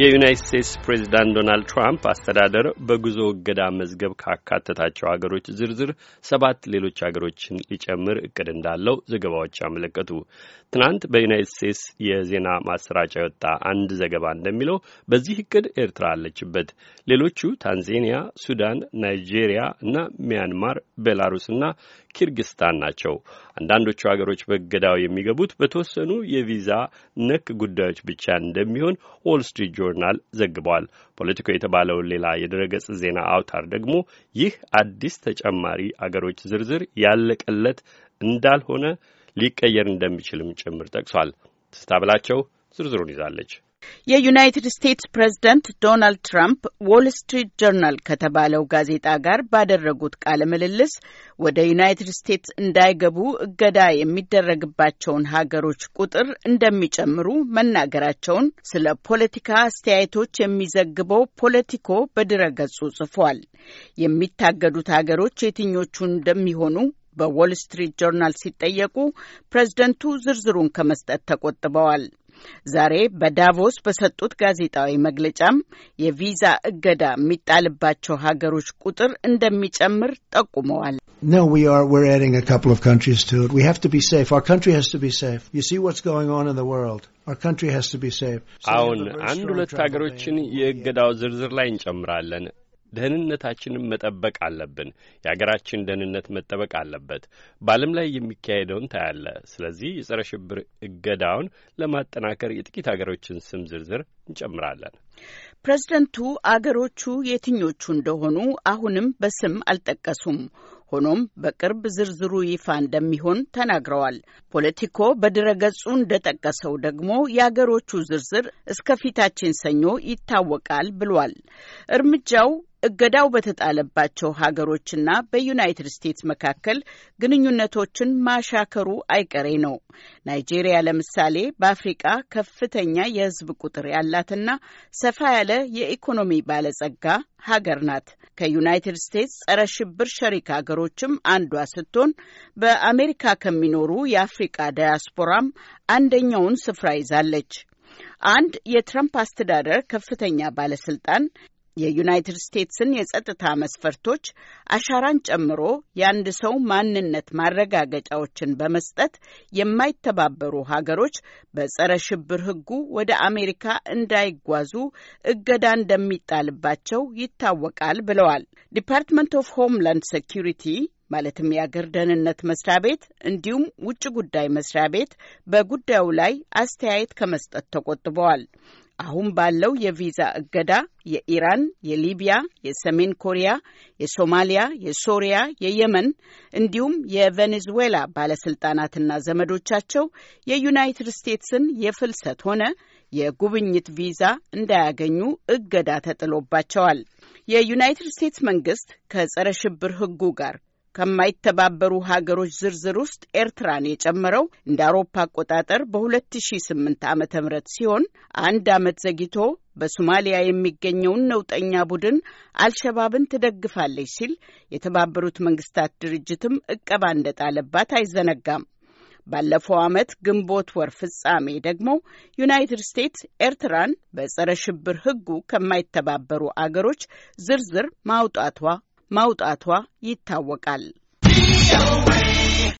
የዩናይት ስቴትስ ፕሬዚዳንት ዶናልድ ትራምፕ አስተዳደር በጉዞ እገዳ መዝገብ ካካተታቸው ሀገሮች ዝርዝር ሰባት ሌሎች ሀገሮችን ሊጨምር እቅድ እንዳለው ዘገባዎች አመለከቱ። ትናንት በዩናይት ስቴትስ የዜና ማሰራጫ የወጣ አንድ ዘገባ እንደሚለው በዚህ እቅድ ኤርትራ አለችበት። ሌሎቹ ታንዜኒያ፣ ሱዳን፣ ናይጄሪያ እና ሚያንማር፣ ቤላሩስ እና ኪርጊስታን ናቸው። አንዳንዶቹ ሀገሮች በእገዳው የሚገቡት በተወሰኑ የቪዛ ነክ ጉዳዮች ብቻ እንደሚሆን ዎል ስትሪት ጆርናል ዘግቧል። ፖለቲኮ የተባለውን ሌላ የድረገጽ ዜና አውታር ደግሞ ይህ አዲስ ተጨማሪ አገሮች ዝርዝር ያለቀለት እንዳልሆነ ሊቀየር እንደሚችልም ጭምር ጠቅሷል። ስታብላቸው ዝርዝሩን ይዛለች። የዩናይትድ ስቴትስ ፕሬዝደንት ዶናልድ ትራምፕ ዎል ስትሪት ጆርናል ከተባለው ጋዜጣ ጋር ባደረጉት ቃለ ምልልስ ወደ ዩናይትድ ስቴትስ እንዳይገቡ እገዳ የሚደረግባቸውን ሀገሮች ቁጥር እንደሚጨምሩ መናገራቸውን ስለ ፖለቲካ አስተያየቶች የሚዘግበው ፖለቲኮ በድረገጹ ጽፏል። የሚታገዱት ሀገሮች የትኞቹ እንደሚሆኑ በዎል ስትሪት ጆርናል ሲጠየቁ ፕሬዝደንቱ ዝርዝሩን ከመስጠት ተቆጥበዋል። ዛሬ በዳቮስ በሰጡት ጋዜጣዊ መግለጫም የቪዛ እገዳ የሚጣልባቸው ሀገሮች ቁጥር እንደሚጨምር ጠቁመዋል። አሁን አንድ ሁለት ሀገሮችን የእገዳው ዝርዝር ላይ እንጨምራለን። ደህንነታችንን መጠበቅ አለብን። የአገራችን ደህንነት መጠበቅ አለበት። በዓለም ላይ የሚካሄደውን ታያለ። ስለዚህ የጸረ ሽብር እገዳውን ለማጠናከር የጥቂት አገሮችን ስም ዝርዝር እንጨምራለን። ፕሬዝደንቱ አገሮቹ የትኞቹ እንደሆኑ አሁንም በስም አልጠቀሱም። ሆኖም በቅርብ ዝርዝሩ ይፋ እንደሚሆን ተናግረዋል። ፖለቲኮ በድረገጹ እንደጠቀሰው ደግሞ የአገሮቹ ዝርዝር እስከ ፊታችን ሰኞ ይታወቃል ብሏል። እርምጃው እገዳው በተጣለባቸው ሀገሮችና በዩናይትድ ስቴትስ መካከል ግንኙነቶችን ማሻከሩ አይቀሬ ነው። ናይጄሪያ ለምሳሌ በአፍሪቃ ከፍተኛ የሕዝብ ቁጥር ያላትና ሰፋ ያለ የኢኮኖሚ ባለጸጋ ሀገር ናት። ከዩናይትድ ስቴትስ ጸረ ሽብር ሸሪክ ሀገሮችም አንዷ ስትሆን በአሜሪካ ከሚኖሩ የአፍሪቃ ዳያስፖራም አንደኛውን ስፍራ ይዛለች። አንድ የትራምፕ አስተዳደር ከፍተኛ ባለስልጣን የዩናይትድ ስቴትስን የጸጥታ መስፈርቶች አሻራን ጨምሮ የአንድ ሰው ማንነት ማረጋገጫዎችን በመስጠት የማይተባበሩ ሀገሮች በጸረ ሽብር ሕጉ ወደ አሜሪካ እንዳይጓዙ እገዳ እንደሚጣልባቸው ይታወቃል ብለዋል። ዲፓርትመንት ኦፍ ሆምላንድ ሴኪሪቲ ማለትም የአገር ደህንነት መስሪያ ቤት እንዲሁም ውጭ ጉዳይ መስሪያ ቤት በጉዳዩ ላይ አስተያየት ከመስጠት ተቆጥበዋል። አሁን ባለው የቪዛ እገዳ የኢራን፣ የሊቢያ፣ የሰሜን ኮሪያ፣ የሶማሊያ፣ የሶሪያ፣ የየመን እንዲሁም የቬኔዙዌላ ባለስልጣናትና ዘመዶቻቸው የዩናይትድ ስቴትስን የፍልሰት ሆነ የጉብኝት ቪዛ እንዳያገኙ እገዳ ተጥሎባቸዋል። የዩናይትድ ስቴትስ መንግስት ከጸረ ሽብር ሕጉ ጋር ከማይተባበሩ ሀገሮች ዝርዝር ውስጥ ኤርትራን የጨመረው እንደ አውሮፓ አቆጣጠር በ2008 ዓ ም ሲሆን አንድ ዓመት ዘግይቶ በሶማሊያ የሚገኘውን ነውጠኛ ቡድን አልሸባብን ትደግፋለች ሲል የተባበሩት መንግስታት ድርጅትም እቀባ እንደጣለባት አይዘነጋም። ባለፈው ዓመት ግንቦት ወር ፍጻሜ ደግሞ ዩናይትድ ስቴትስ ኤርትራን በጸረ ሽብር ሕጉ ከማይተባበሩ አገሮች ዝርዝር ማውጣቷ ማውጣቷ ይታወቃል።